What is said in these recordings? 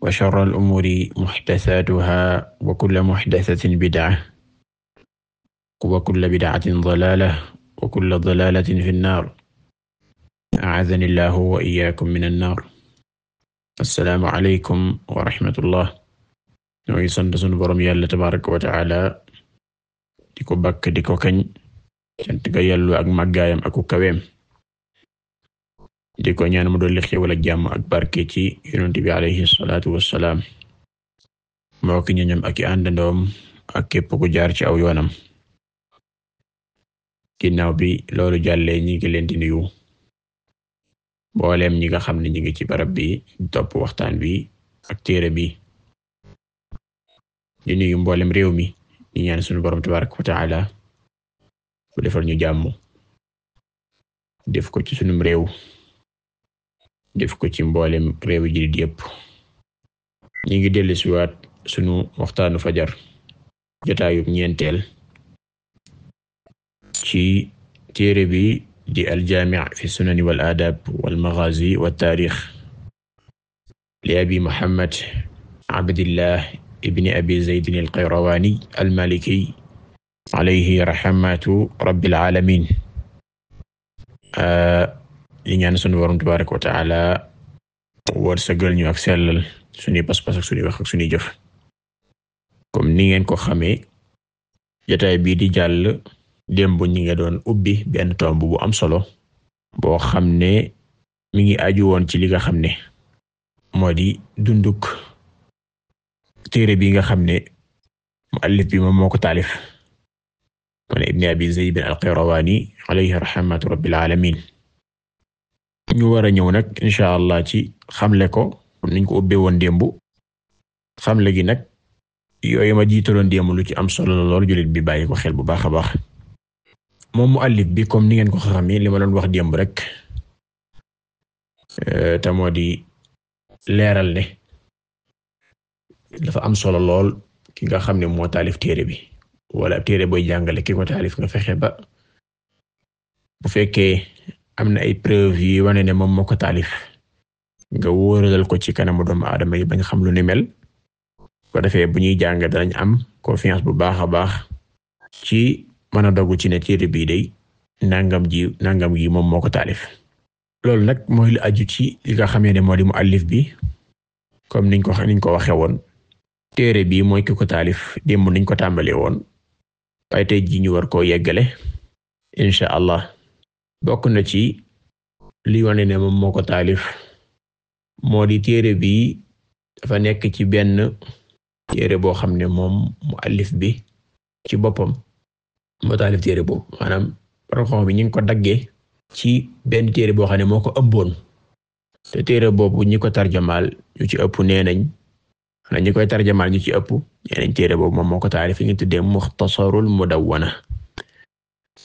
wa sharra al-umuuri muhdasaatuhaa wa kullu muhdasatin bid'a wa kullu bid'atin dalaala wa kullu dalaalatin fi nnaar a'aadhani llaahu wa iyyaakum mina nnaar assalaamu aleykum wa rahmatullah ñoo ngi sant sunu boroom yàlla tabaaraka wa ta'aala di ko bàkk di ko kañ cant ga yàlla ak màggaayam ak kaweem di ñaan mu dolli xéewal ak jàmm ak barke ci yonent bi alayhi salaatu wassalaam moo ki ñoñam ak i àndandoom ak képp ku jaar ci aw yoonam naaw bi loolu jàllee ñi ngi leen di nuyu mbooleem ñi nga xam ne ñi ngi ci barab bi topp waxtaan bi ak téere bi nuyu mboolem réew mi di ñaan sunu borom tabaaraka wa taala bu defal ñu jàmm def ko ci sunum réew def ko ci mboolem réewi jullit yépp ñu ngi dellusiwaat sunu waxtaanu fajar jotaayub ñeenteel ci téere bi di aljaami' fi sunani wal aadab wal maghazi wa taarix li abi abi zaydin alqayrawaani almaliki alayhi rahmatu rabbil aalamiin di ñaan sunu borom tabaraka wa taala wërsëgal ñu ak sellal suñuy pas-pas ak suñuy wax ak suñuy jëf comme ni ngeen ko xamee jotaay bii di jàll démb ñi nga doon ubbi benn tomb bu am solo boo xam ne mi ngi aju woon ci li nga xam ne moo di dunduk téere bi nga xam ne muallif bi moom moko ko taalif kon Ibn Abi Zayd bin al alayhi rahmatu rabbil alamin ñu war a ñëw nag incha allah ci xamle ko niñ ko ubbee woon démb xamle gi nag yooyu ma jiitaloon démb lu ci am solo la lool bi bàyyi xel bu baax a baax moom muallif bi comme ni ngeen ko xamee li ma doon wax démb rek euh, te moo di leeral ne dafa am solo lool ki nga xam ne moo taalif téere bi wala téere booy jàngale ki ko taalif nga fexe ba bu fekkee. am na ay preuve yi wane ne moom moo ko taalif nga wóoralal ko ci kanamu doomu aadama yi bañ xam lu ni mel ko defee bu ñuy jàng danañ am confiance bu baax a baax ci mën a dogu ci ne téere bii day nangam ji nangam gi moom moo ko taalif loolu nag mooy lu aju ci li nga xamee ne moo di muallif bi comme niñ ko niñ ko waxee woon téere bii mooy ki ko taalif démb niñ ko tàmbalee woon waaye tey ji ñu war koo yeggale incha allah bokk na ci li wane ne moom moo ko taalif moo di téere bi dafa nekk ci benn téere boo xam ne moom mu alif bi ci boppam moo taalif téere boobu maanaam roxon bi ñu ngi ko daggee ci benn téere boo xam ne moo ko ëmboon te téere boobu ñi ko tarjamaal ñu ci ëpp nee nañ xanaa ñi koy tarjamaal ñu ci ëpp nee boobu moom moo ko taalif ñu tuddee Muxtasarul Mudawwana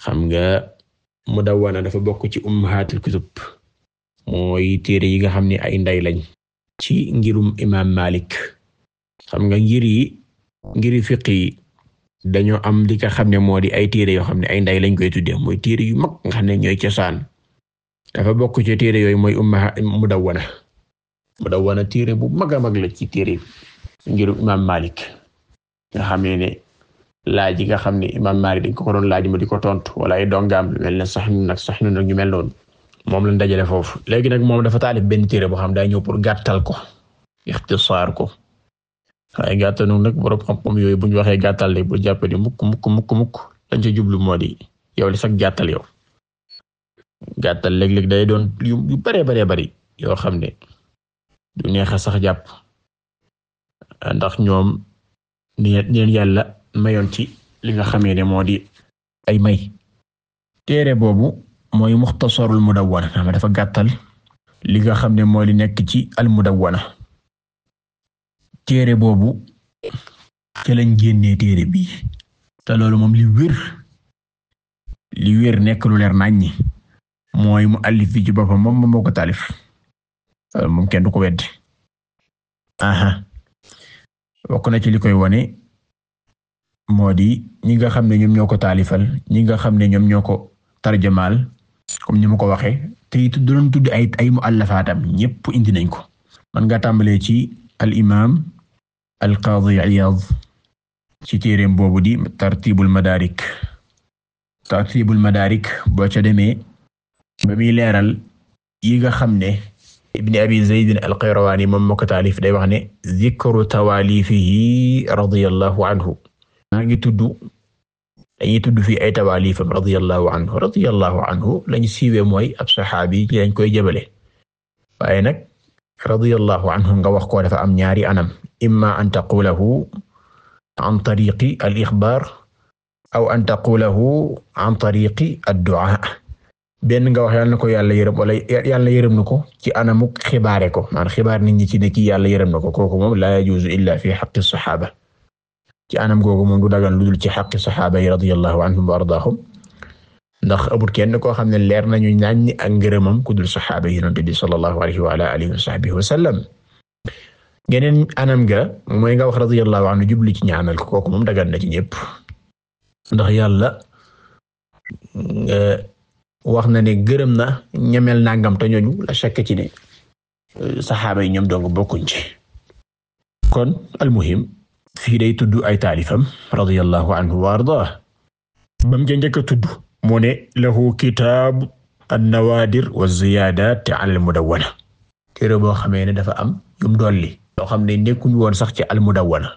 xam nga Mudawwana dafa bokk ci ummahatul kutub mooy téere yi nga xam ne ay nday lañ ci ngirum imaam Malik xam nga ngir yi ngiri fiq yi dañoo am li nga xam ne moo di ay téere yoo xam ne ay nday lañ koy tuddee mooy téere yu mag nga xam ne ñooy cosaan dafa bokk ci téere yooyu mooy umma Mudawwana Mudawwana téere bu mag a mag la ci téere ngirum imaam Malik nga xam laaj yi nga xam ne imaam Maalik dañ ko ko doon laaj mu di ko tontu wala ay dongaam lu mel ne Saxnuun ak Saxnuun ak ñu mel noonu moom lañ dajale foofu léegi nag moom dafa taalif benn téere bo xam daa ñëw pour gàttal ko ixtisaar ko waaye gàttal noonu nag borom xam-xam yooyu bu ñu waxee gàttal de bu jàpp ni mukk mukk mukk mukk dañ ca jublu moo di yow li sax gàttal yow gàttal léeg day doon yu yu baree baree bari yoo xam ne du neex a sax jàpp ndax ñoom ñeen yàlla mayoon ci li nga xamee ne moo di ay may téere boobu mooy muxtasarul mudawwana xam dafa gàttal li nga xam ne moo di nekk ci al mudawwana téere boobu ci lañ génnee téere bi te loolu moom li wér li wér nekk lu leer ñi mooy mu àllif bi ci boppam moom moo ko taalif moom kenn du ko weddi aha bokk na ci li koy wone moo di ñi nga xam ne ñoom ñoo ko taalifal ñi nga xam ne ñoom ñoo ko tarjamaal comme ni ma ko waxee te it doon tudd ay ay indi nañ ko. man nga tàmbalee ci al imaam al ci téereem boobu di tartibul madaarik tartibul madaarik boo ca demee ba muy leeral yi nga xam ne. Ibni Abi Zayd al-Qayrawani moom ko taalif day wax ne zikru tawaalifihi radiyallahu anhu maa ngi tudd dañuy tudd fii ay tawaalifam radiyallahu anhu radiyallahu anhu lañ siiwee mooy ab saxaabi ci lañ koy jëbale waaye nag radiyallahu anhu nga wax ko dafa am ñaari anam imma an taqulahu an tariqi al ixbaar aw an taqulahu an tariqi ad-du'a nga wax yàlla na ko yàlla yërëm wala yàlla yërëm na ko ci anamuk xibaare ko maanaam xibaar nit ñi ci ne kii yàlla yërëm na ko kooku moom la yajuzu illa fi haqqi as ci anam googu moom du dagan lu dul ci xaqi saxaaba yi radiyallahu anhum wa ardaahum ndax amul kenn koo xam ne leer nañu ñaañ ak ngërëmam ku dul saxaaba yi yonent bi sallallahu alayhi wa ala alihi wa sahbihi wa sallam geneen anam ga mooy nga wax radiyallahu anhu jublu ci ñaanal ko kooku moom dagan ci ñëpp yàlla wax na ne gërëm na ñemel nangam te ñooñu la shakk ci ne saxaaba yi ñoom dong bokkuñ ci kon almuhim fii day tudd ay taalifam radiyallahu anhu wa ardaah bam ja njëkk a tudd mu ne lahu kitaabu annawaadir wa ziyaadaat ala almudawwana téere boo xamee ne dafa am yum dolli loo xam ne nekkuñu woon sax ci almudawwana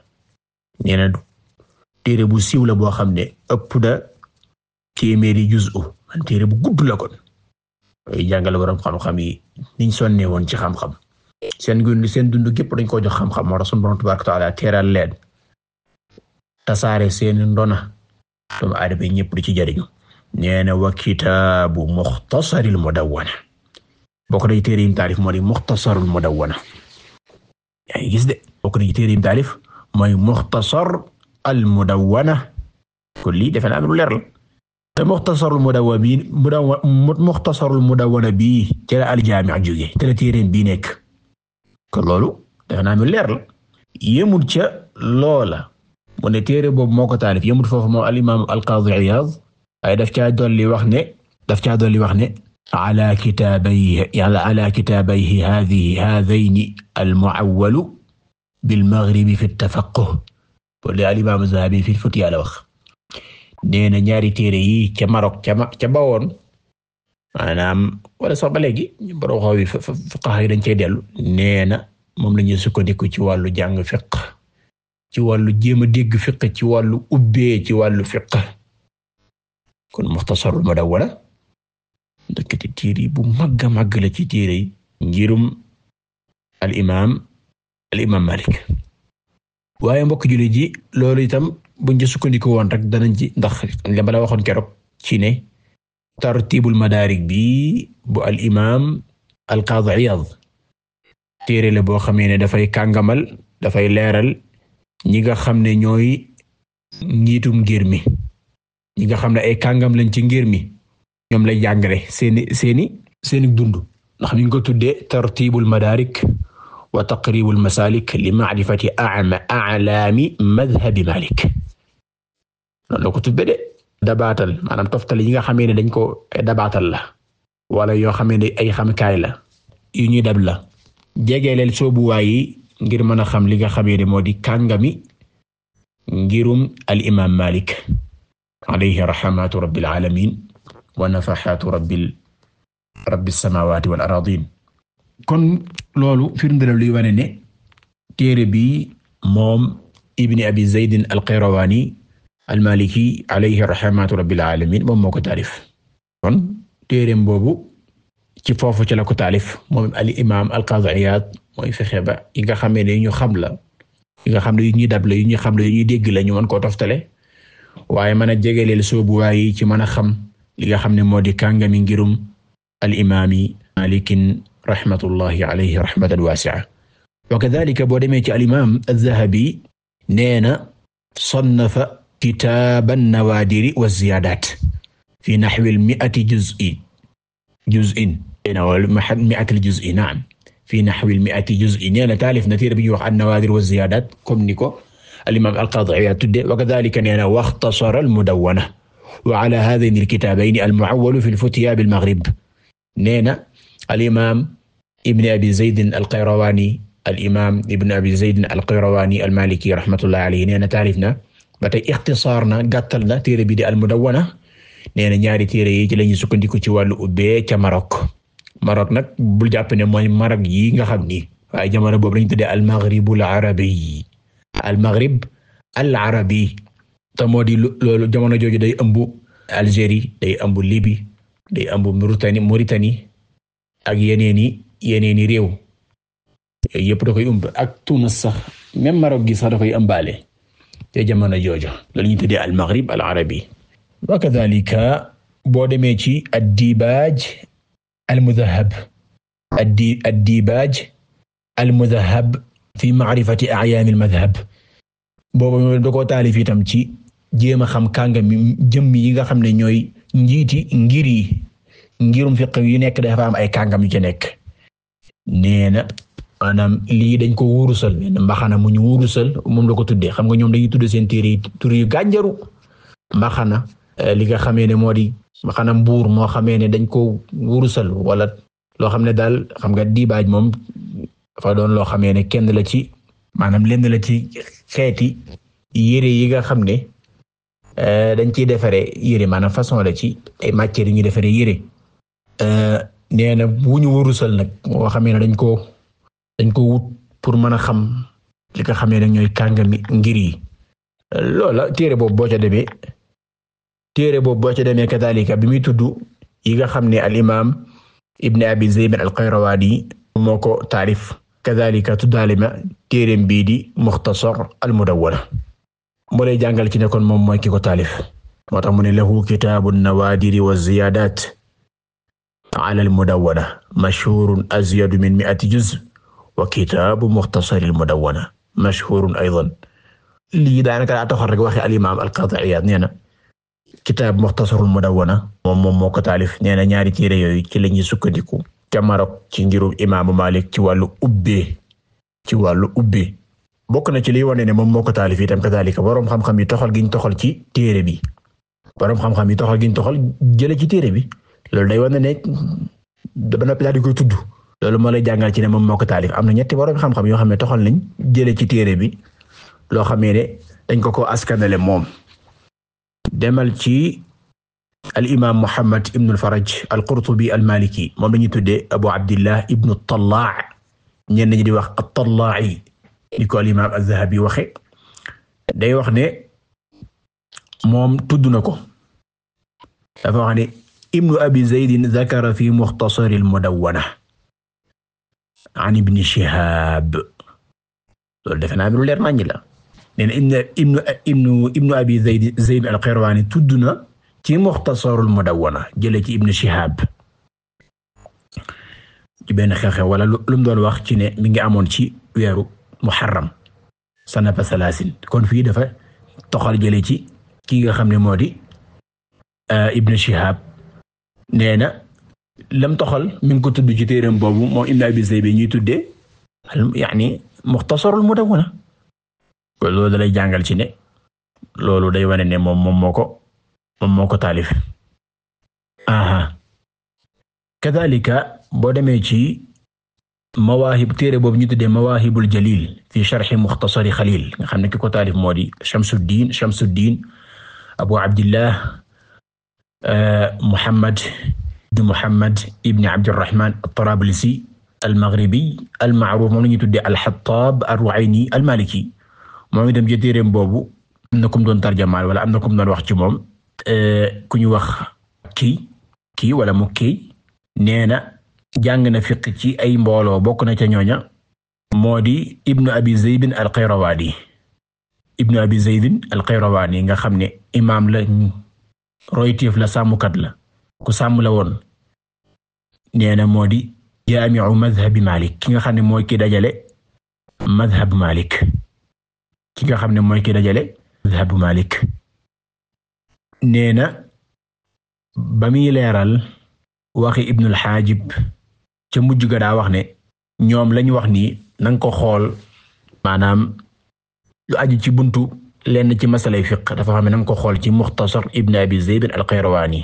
nee na téere bu siiw la boo xam ne ëpp na téeméeri jus man téere bu gudd la kon ay jàngal borom xam-xam yi niñ sonnee woon ci xam-xam seen gun seen dund gépp dañ ko jox xam-xam moo tax sunu borom tabaaraka wa taala teeral leen tasaare seeni ndona doomu aadama yi ñëpp du ci jariñu nee na wa kitaabu muxtasaril mudawwana bokk na ci yim taalif moo di muxtasarul mudawwana yaa ngi gis de bokk na ci lii defe leer la te muxtasarul mudawwana bii muxtasarul mudawwana bii ci la al jaami' jóge te nekk kon loolu defe naa lu leer la ca loola mu ne téere boobu moo ko taalif yëmut foofu moom alimaam alqaadi Iyaad ay daf caa dolli wax ne daf caa dolli wax ne ala kitaabayhi yàlla ala kitaabayhi haadihi haadayni almuawwalu bilmaghribi fi fi futya la wax nee ñaari téere yi ca Maroc ca ma ca bawoon maanaam wala sax ba léegi borom xaw yi fuqaha yi dañ cey dellu nee na moom la sukkandiku ci wàllu jàng fiqh ci wàllu jéem a dégg fiq ci wàllu ubbee ci wàllu fiq kon Muxtasarul Mudawwala ndëkkati téere yi bu màgg a màgg la ci téere yi ngirum al imaam Malik waaye mbokk jullit ji loolu itam bu ci sukkandiku woon rek danañ ci ndax li ma la waxoon keroog ci ne tartibul madaarik bi bu al imaam al téere la boo xamee ne dafay kàngamal dafay leeral ñi nga xam ne ñooy njiitum ngir mi ñi nga xam ne ay kàngam lañ ci ngir mi ñoom lay jàngale seeni seeni seeni dund ndax mi ko tuddee tartibul madarik wa taqribul masalik li ma'rifati a'ma a'laami madhabi malik noonu la ko tuddee de dabaatal maanaam toftal yi nga xamee ne dañ ko dabaatal la wala yoo xamee ne ay xamkaay la yu dab la jegeeleel soobuwaay ngir mën a xam li nga xamee ne moo di kàngami ngirum al imaam Malik alayhi rahmatu rabbil alamin wa nafaxatu rabbil rabbi samawati wal aradin kon loolu firndela luy wane ne téere bi moom ibni abi zaydin alqayrawani almaliki alayhi rahmatu rabbil alamin moom moo ko taalif kon téereem boobu ci foofu ci taalif moom al imam alqaadi iyaad mooy fexe ba yi nga xamee ne ñu xam la yi nga xam yu ñuy dab yu ñu xam la yu ñuy dégg la ñu mën koo toftale waaye mën a jegeleel soobuwaay yi ci mën a xam li nga xam ne moo di kàngami ngirum al imaami malikin rahmatullahi alayhi rahmatan waasi'a wa kadhalika boo demee ci al imaam az-Zahabi nee na sannafa kitaab an-nawaadiri wa ziyaadaat fi nahwi al mi'ati juz'in juz'in wala mi'ati al juz'i fi naxwil mi'ati juz'in nee na taalif na téere bi ñuy wax an-nawaadir wa ziyaadaat comme ni ko al-imaam al-qaadi Iyaad tudde wa kadaalika nee na waxtasara al-mudawwana wa ala haadayni al-kitaabayni al-mu'awwalu fi al-futyaa bil-maghrib nee na al-imaam ibn abi zayd al-qayrawaani al-imaam ibn abi zayd al-qayrawaani al-maaliki rahmatullahi alayhi nee na taalif na ba tey ixtisaar na gàttal na téere bi di al-mudawwana nee na ñaari téere yi ci lañu sukkandiku ci wàllu ubbee ca Maroc Maroc nag bul jàpp ne mooy Maroc yi nga xam ni waaye jamono boobu lañu tuddee al-maghribul arabi al-maghrib al-arabi te moo di jamono jooju day ëmb Algérie day ëmb Libye day ëmb Mauritanie Mauritanie ak yeneeni yeneeni réew yooyu yëpp da koy ëmb ak Tunis sax même Maroc gi sax da koy ëmbaale te jamono jooju loolu ñu tuddee al-maghrib al-arabi wa kadhalika boo demee ci ad almudahab addi addibaaj almudahab fi maarifati ayaami almadhab boobu da koo taalif itam ci jéem a xam kànga mi jëmm yi nga xam ne ñooy njiiti ngir yi ngirum fiq yu nekk dafa am ay kàngam yu ci nekk nee na maanaam lii dañ ko wurusal benn mbaxana mu ñu wurusal moom la ko tuddee xam nga ñoom dañuy tudde seen téere tur yu gànjaru mbaxana li nga xamee ne moo di xanaa mbuur moo xamee ne dañ ko wurusal wala loo xam ne daal xam nga diibaaj moom dafa doon loo xamee ne kenn la ci maanaam lenn la ci xeeti yére yi nga xam ne eh, dañ ciy defaree yére maanaam façon la ci ay matières yi ñuy defaree yére eh, nee na bu ñu wurusal nag moo xamee ne dañ ko dañ ko wut pour mën a xam li nga xamee ne ñooy kàngami ngir yi loola téere boobu boo ca demee téere boobu boo ca demee kadalika bi muy tudd yi nga xam ne al imaam ibn abi zayd al qayrawaani ci ne kon moom mooy ki ko taalif moo tax mu ne lahu kitaabu nawaadiri wa ziyaadaat ala al mudawwana mashhuurun azyadu min mi'ati juz wa lii daanaka daa taxoon rek waxi al imaam al qaadi iyaad nee na kitaab Muxtasarul Mudawwana moom moom moo ko taalif nee ñaari téere yooyu ci la ñuy sukkandiku ca Marok ci ngirum imaamu Malik ci wàllu ubbee ci wàllu ubbee bokk na ci liy wane ne moom moo ko taalif itam kadaalika boroom xam-xam yi toxal giñ toxal ci téere bi boroom xam-xam yi toxal giñ toxal jële ci téere bi loolu day wane ne ba noppi daal di tudd loolu moo lay jàngal ci ne moom moo ko taalif am na ñetti waroom xam-xam yoo xam ne toxal nañ jële ci téere bi loo xamee ne dañ ko ko askanale moom demal ci al imaam Muhammad ibn al-Faraj al-Qurtubi al moom la ñuy tuddee Abu Abdillah ibn Tallaa ñenn ñi di wax at-Tallaa'i ni ko al imaam waxe day wax ne moom tudd na ko dafa wax ne ibnu abi Zaydin zakara fi mukhtasar al-Mudawwana an ibn Shihab loolu defe naa bi lu leer nee na ibnu ibnu ibnu ibnu abi zayd zayd al-Qayrawaani tudd na ci Muxtasarul Mudawwana jëlee ci ibnu Shihab ci benn xeexe wala lu mu doon wax ci ne mi ngi amoon ci weeru muharram sanata salaasin kon fii dafa toxal jëlee ci kii nga xam ne moo di euh, ibnu Shihab nee lam toxal mi ngi ko tudd ci téeram boobu moom ibnu abi zayd bi ñuy tuddee yaani Muxtasarul Mudawwana kon loolu lay jàngal ci ne loolu day wane ne moom moom moo ko moom moo ko taalif aha kadalika boo demee ci mawaahib téere boobu ñu tuddee mawaahibul jalil fi sharxi muxtasari xalil nga xam ne ki ko taalif moo di Shamsuddin Shamsuddin Abu Abdillah eh, Muhammad ibn Muhammad ibn Abdirrahman at-Tarablisi al-Maghribi al-ma'ruf moom la ñu tuddee al-Hattab moom itam ci téereem boobu am na ku mu doon tarjamaal wala am na ku mu doon wax ci moom ku ñu wax kii kii wala mu kii nee na jàng na fiq ci ay mbooloo bokk na ca ñooña moo di ibnu abi zeydin alxayrawaani ibnu abi zeydin alxayrawaani nga xam ne imaam la roytiif la sàmmkat la ku sàmm la woon nee na moo di jaamiu madhabi malik ki nga xam ne mooy ki dajale madhab malik ci nga xam ne mooy ki dajale madhabu Malik nee na ba muy leeral waxi Ibnul Xaajib ca mujj ga daa wax ne ñoom lañ wax nii na ko xool maanaam lu aju ci buntu lenn ci masalay fiq dafa xam ne na ko xool ci Muxtasar Ibn Abi Zayd al-Qayrawaani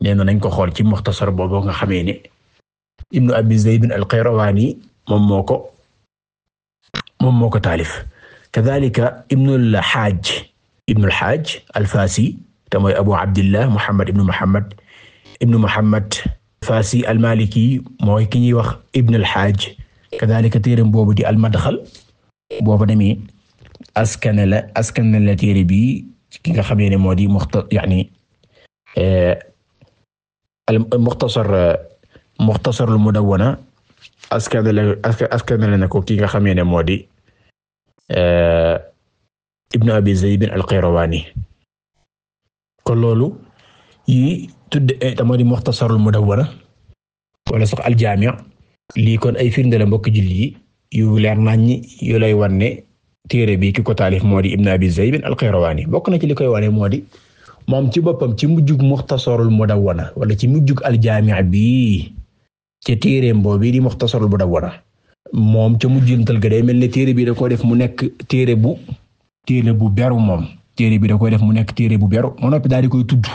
na nañ ko xool ci Muxtasar boobu nga xamee ne Ibn Abi Zayd moom moo ko moom moo ko taalif kadhalika ibnul xaaj ibnul xaaj alfaasi te mooy abu abdillah muhammad ibnu muhammad ibnu muhammad faasi almaliki mooy ki ñuy wax ibnul xaaj kadhalika téeram boobu di almadxal boobu demee askan la askan la téere bi ki nga xamee ne moo di muxta yani al muxtasar muxtasar al mudawwana askan la askan la ne ko ki nga xamee ne moo di Eh, Ibn Abi Zayd al-Qayrawani kon loolu yi tudde eh, tamo di Muxtasarul Mudawwana wala sax al-Jaami' lii kon ay firnde la mbokk julli yu leer nañ yu lay wanne téere bi ki ko taalif moo di Ibn Abi Zayd al-Qayrawani bokk na ci li koy wane moo di moom ci boppam ci mujjug Muxtasarul Mudawwana wala ci mujjug al-Jaami' bi ci téereem boobu di Muxtasarul Mudawwana moom ca mu mujjumtal ga day mel ne téere bi da koo def mu nekk téere bu téere bu beru moom téere bi da koy def mu nekk téere bu beru mu noppi daal di koy tudd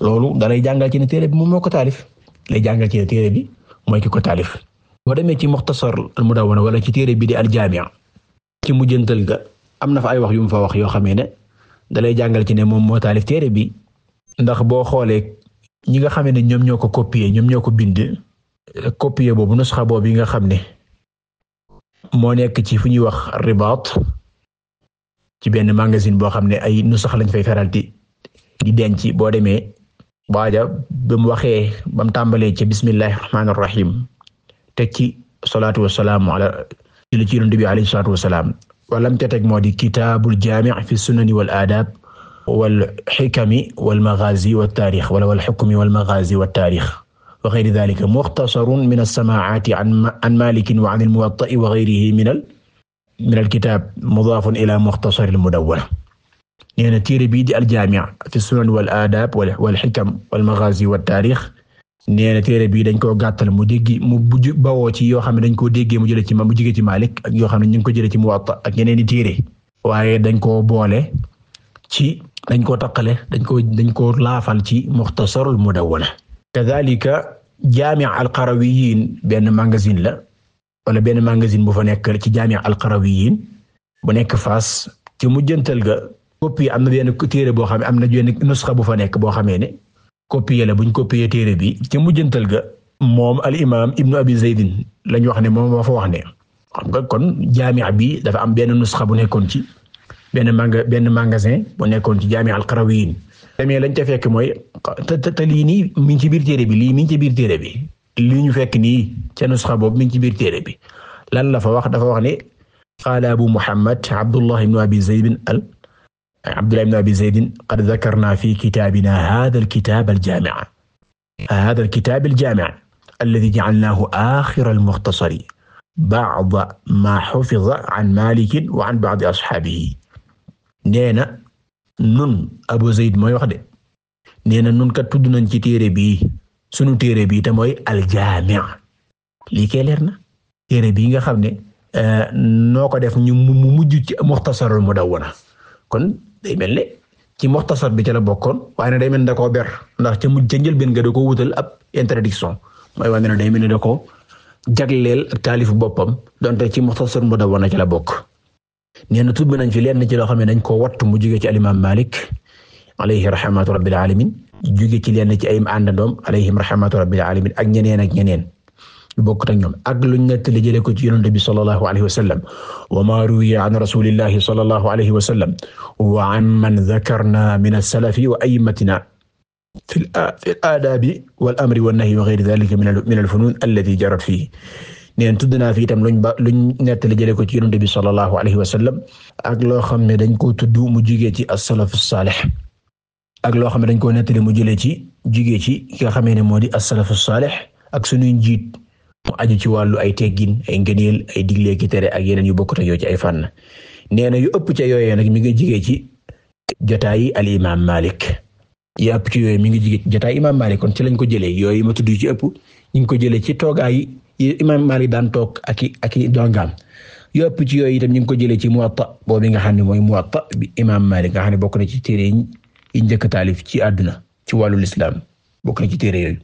loolu dalay jàngal ci ne téere bi moom moo ko taalif jàngal ci téere bi mooy ki ko boo demee ci Muxtasar al Mudawwana wala ci téere bi di al Jaami' ci mujjumtal ga am na fa ay wax yu mu fa wax yoo xamee ne dalay jàngal ci ne moom moo taalif téere bi ndax boo xoolee ñi nga xamee ne ñoom ñoo ko copier ñoom ñoo ko bind copier boobu nusxa boobu yi nga xam ne moo nekk ci fu ñuy wax ribaat ci benn magasin boo xam ne ay nusax lañ fay faral di di denc boo demee waaja ba mu waxee ba tàmbalee ci bismillahi rahmaani rahim teg ci salaatu wa salaam ala julli ci yonent bi alayhi salaatu wa salaam wala mu ca teg moo di kitaabul jaami fi sunani wal aadaab wal xikami wal magaazi wa taarix wala wal xukmi wal magaazi wa wa xayri daalika muxtasarun mina samaacaati an maalikin wa an al-muwatta'i wa xayrihi minal minal kitaab mudaafun ilaa muxtasari al-mudawwana nee na téere bii di aljaami fi sunan wal aadaab wal xikam wal maxaazi wa taarix nee na téere bii dañ koo gàttal mu dégg mu bawoo ci yoo xam ne dañ koo déggee mu jëlee ci mu jige ci Maalik ak yoo xam ne ñu ngi ko jëlee ci Muwatta ak yeneen i téere waaye dañ koo boole ci dañ koo taqale dañ koo dañ koo laafal ci muxtasarul mudawwana kadaalika jaami' al-Qarawiyyin benn magazine la wala benn magazine bu fa nekk ci jaami' al-Qarawiyyin bu nekk fas ci mujjantal ga copie am na benn téere boo xam ne am na benn nusxa bu fa nekk boo xamee ne copie la buñ copier téere bi ci mujjantal ga moom al imaam ibnu abi zeydin lañ wax ne moom moo fa wax ne xam nga kon jaami'a bi dafa am benn nusaxa bu nekkoon ci benn manga benn magasin bu nekkoon ci jaami' al-Qarawiyyin lañ ca fekk mooy te te lii nii mi ngi ci biir téere bi lii mi ngi ci biir téere bi lii ñu fekk nii ca nusxa boobu mi ngi ci biir téere bi lan la fa wax dafa wax ne qaala abu muhammad abdullah ibnu abi zaydin al abdullah ibnu abi zaydin qad dakarna fi kitaabina hada alkitab aljaamica hada alkitab aljaamic alladi jacalnaahu axira almuxtasari bacda maa xufida can malikin wa can bacdi asxaabihi nee na nun abu zayd mooy wax de nee na nun kat tudd nañ ci téere bii sunu téere bii te mooy aljaami lii kay leer na téere bii nga xam ne eh, noo ko def ñu mu mujj ci muxtasarul mudawwana kon day mel ne ci muxtasar bi ca la bokkoon waaye ne day mel ne da koo ber ndax ca mujj ca njëlbéen nga da wutal ab interdiction mooy wane ne day mel ne da koo jagleel ak taalifu boppam donte ci muxtasar mudawwana ca la bokk nee na tudd nañ fi leen ci loo xam ne dañ koo wattu mu jóge ci alimaam Malik alayhi rahmatu rabbil alamin jóge ci leen ci ay àndandoom alayhim rahmatu rabbil alamin ak ñeneen ak ñeneen ñu bokkut ak ñoom ak luñ nettali jëlee ko ci yonent bi sallallahu alayhi wa sallam wa ma ruwiya an rasulillahi sallallahu alayhi wa sallam wa amman dhakarna min as-salafi wa a'immatina fi al-aadabi wal amri wan nahyi wa ghayri dhalika min al-funun allati jarat fihi neen tudd naa fi itam luñ ba luñ nettali jëlee ko ci yonent bi sallallahu alayhi wa sallam ak loo xam ne dañ ko tudd mu jugee ci as-salaf as-salih ak loo xam ne dañ koo nettali mu jëlee ci jigée ci ki xamee ne moo di as-salafu saalix ak suñuy njiit mu aju ci wàllu ay teggin ay ngëneel ay digle ki tere ak yeneen yu bokkut yoo ci ay fànn nee na yu ëpp ca yooyee nag mi ngi jige ci jotaayi al imaam Malik yu ci yooyu mi ngi jigee jotaayi imaam Malik kon ci lañ ko jëlee yooyu ma tudd ci ëpp ñu ngi ko jëlee ci toogaayi yi imaam Malik daan toog ak ak i dongaam yu ëpp ci yooyu itam ñu ngi ko jëlee ci Muwatta boobu nga xam ne mooy Muwatta bi imaam Malik nga xam ne bokk na ci téere yi njëkk taalif ci àdduna ci wàllu lislaam bokk na ci téere yooyu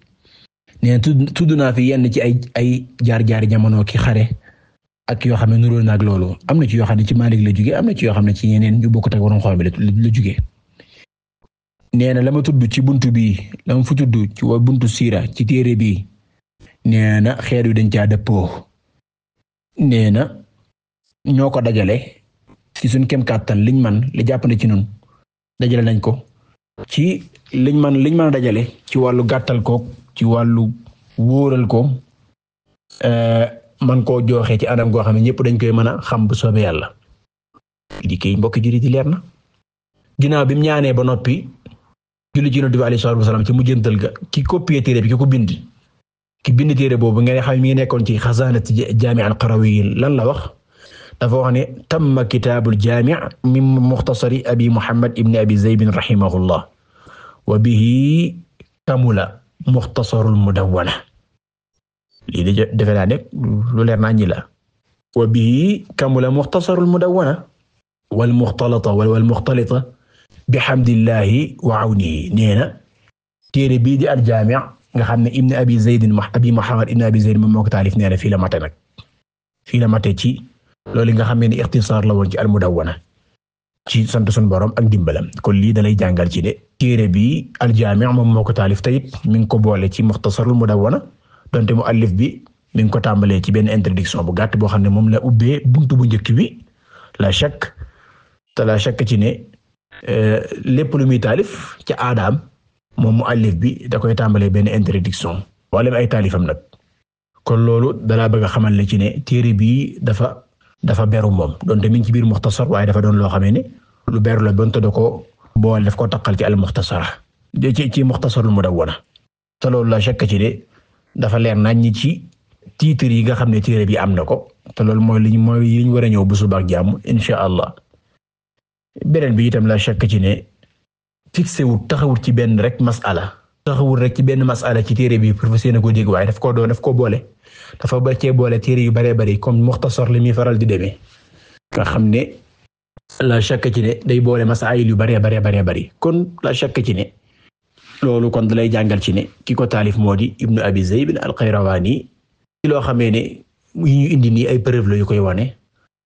nee tudd naa fi yenn ci ay ay jaar-jaar jamono ki xare ak yoo xam ne nuroo naag loolu am na ci yoo xam ne ci Maalik la jugee am na ci yoo xam ne ci yeneen yu bokkut ak waroon xool bi la jugee na la tudd ci buntu bii la fu tudd ci wa buntu siira ci téere bi nee na xeet wi dañ caa dëppoo nee na ñoo ko dajale ci suñ kem kàttan liñ man li jàpp na ci noonu dajale nañ ko ci liñ man liñ mën a dajale ci wàllu gàttal ko ci wàllu wóoral ko euh, man koo jooxee ci anam goo xam ne ñëpp dañ koy mën a xam bu soobee yàlla di kii mbokki jullit yi leer na ginnaaw bi mu ñaanee ba noppi julli ci yonent bi alayhi salaatu wasalaam ci mujjantal ga ki copié téere bi ki ko bind ki bind téere boobu nga xam mi ngi nekkoon ci xasaanat jaami al qarawiyyin lan la wax dafa wax ne tamma kitaabul jaami' min muxtasari abi muhammad ibn abi zaybin rahimahullah wa bihi kamula muxtasarul mudawwana lii de defe naa nekk lu leer naa ñi la wa bihi kamula muxtasarul mudawwana wal muxtalata wal muxtalita bihamdillahi wa awnihi nee na téere bii di al jaami' nga xam ne ibn abi zaydin abi muhammad ibn abi zayd moom moo ko taalif nee na fii la mate nag fii la mate ci loolu nga xam ne ni ixtisaar la woon ci almudawana ci sant son borom ak dimbalam kon lii dalay jàngal ci ne téere bi aljaami moom moo ko taalif tayit mi ngi ko boole ci muxtasarul mudawana donte mu allif bi mi ngi ko tàmbalee ci benn introduction bu gàtt boo xam ne moom la ubbee buntu bu njëkk bi la chak te ci ne euh, lépp lu muy ci aadaam moom mu allif bi da koy tàmbalee benn introduction wala ay nag kon loolu dalaa bëgg xamal ne ci ne téere bi dafa dafa beru moom doon mi ngi ci biir muxtasar waaye dafa doon loo xamee ne lu beru la bonte da ko boole daf ko taqal ci al muxtasara ci ci muxtasarul mudawwana te loolu la chakka ci de dafa leer nañ ñi ci titre yi nga xam ne téere bi am na ko te loolu mooy liñ mooy liñ war a ñëw bu subaak ak jàmm insha allah beneen bi itam la chakka ci ne fixé wut taxawut ci benn rek masala taxawul rek ci benn masala ci téere bi pour fas ko dégg waaye daf ko doon daf ko boole dafa ba cee boole téere yu baree bari comme muxtasar li muy faral di demee nga xam ne la chàkk ci day boole masaayil yu baree baree baree bari kon la chàkk ci ne loolu kon dalay jàngal ci ne ki ko taalif moo di Ibnu Abi Zayd al-Qayrawani ci loo xamee ne yi indi nii ay preuve la yu koy wane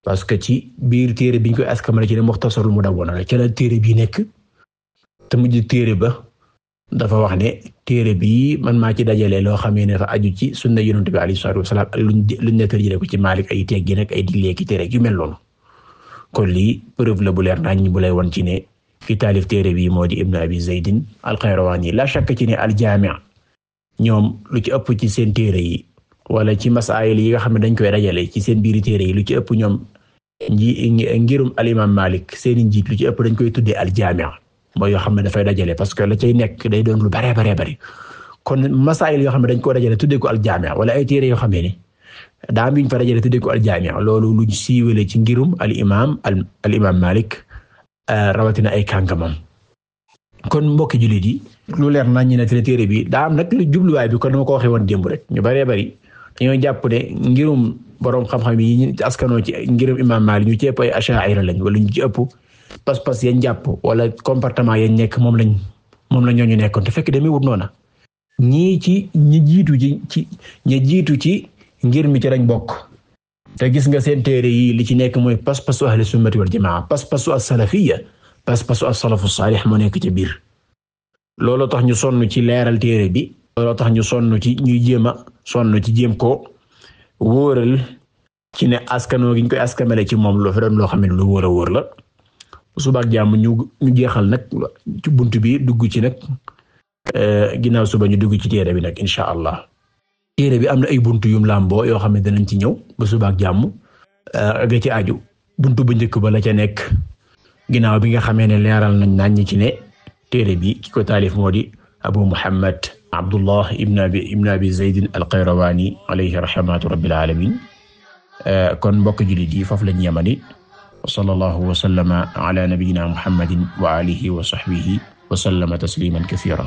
parce que ci biir téere bi biñ koy askamale ci ne muxtasarul mudawwana la ci la téere bi nekk te mujj téere ba dafa wax ne téere bii man maa ci dajale loo xamee ne dafa aju ci sunna yonent bi alayhi salaatu wasalaam ak luñ luñ nekkal jëlee ko ci Maalik ay teggi nag ay digle ki téere yu mel noonu kon lii preuve la bu leer nañ bu lay won ci ne ki taalif téere bii moo di Ibn Abi Zaydin al-Qayrawani la shakk ci ne al ñoom lu ci ëpp ci seen téere yi wala ci masaayil yi nga xam ne dañ koy dajale ci seen biiri téere yi lu ci ëpp ñoom nji ngirum al-Imaam Maalik seen njiit lu ci ëpp dañ koy tuddee al mooy yoo xam ne dafay dajale parce que la cay nekk day doon lu bare bare bari kon masaayil yoo xam ne dañ koo dajale tuddee ko aljaamia wala ay téere yoo xam ne ni daa am yuñ fa dajale tuddee ko aljaamia loolu luñ siiwale ci ngirum al imaam al imaam Malik euh, rawatina ay kàngamam kon mbokki jullit yi lu leer na ñu ne téere bi daam am nag lu jubluwaay bi kon dama ko waxee woon démb rek ñu baree bari dañoo jàpp ne ngirum boroom xam-xam yi ñu askanoo ci ngirum imaam Malik ñu ci lañ wala ñu ci ëpp pas-pas yañ jàpp wala comportement yañ nekk moom lañ moom la ñooñu nekkoon te fekk demee wut noona ñii ci ñi jiitu ci ci ñi jiitu ci ngir mi ci lañ bokk te gis nga seen téere yi li ci nekk mooy pas-pasu ahli sunnati wal jamaa pas-pasu as-salafiyya pas-pasu as-salafu saalih moo nekk ci biir looloo tax ñu sonn ci leeral téere bi looloo tax ñu sonn ci ñuy jéem a sonn ci jéem ko wóoral ci ne askanoo gi ñu koy askamale ci moom loo fi doon loo xam ne lu wóor a wóor la subaak ak jàmm ñu ñu jeexal nag bunt bi dugg ci nag eh, ginnaaw suba ñu dugg ci téere bi nag incha allah téere bi am na ay bunt yum làmboo yoo xam ne danañ ci ñëw ba suba ak jàmm eh, ga ci aju bunt bu njëkk ba la ca nekk ginnaaw bi nga xamee ne leeral nañ naan ñi ci ne téere bi ki ko taalif moo di abu muhammad abdullah ibn abi ibn abi zayd al-qayrawani alayhi rahmatu rabbil alamin eh, kon mbokk jullit yi foofu lañ yemani wa sallallahu wa sallama ala nabiyyina muhammadin wa alihi wa sahbihi wa sallama tasliman kathira